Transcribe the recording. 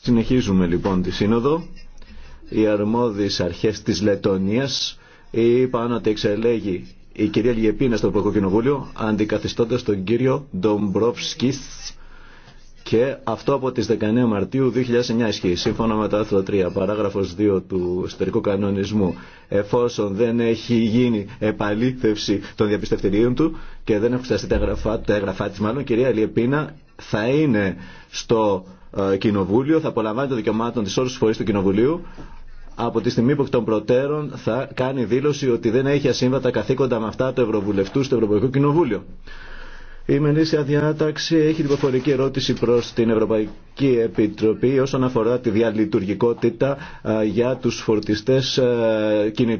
Συνεχίζουμε λοιπόν τη σύνοδο. Οι αρμόδιες αρχές της Λετωνίας είπαν ότι εξελέγει η κυρία Λιεπίνα στο Ευρωπαϊκό Κοινοβούλιο αντικαθιστώντας τον κύριο Ντομπρόφσκι. και αυτό από τις 19 Μαρτίου 2009 ισχύει, σύμφωνα με το άρθρο 3, παράγραφος 2 του εσωτερικού κανονισμού. Εφόσον δεν έχει γίνει επαλήθευση των διαπιστευτηρίων του και δεν έχουν ξεχαστεί τα έγγραφά της μάλλον, κυρία Λιεπίνα θα είναι στο ε, Κοινοβούλιο, θα απολαμβάνει το δικαιωμάτων τη όρου φορή του Κοινοβουλίου. Από τη στιγμή που εκ των προτέρων θα κάνει δήλωση ότι δεν έχει ασύμβατα καθήκοντα με αυτά του Ευρωβουλευτού στο Ευρωπαϊκό Κοινοβούλιο. Η Μενήσια διάταξη έχει την προφορική ερώτηση προ την Ευρωπαϊκή Επιτροπή όσον αφορά τη διαλειτουργικότητα ε, για του φορτιστέ ε, κινητών.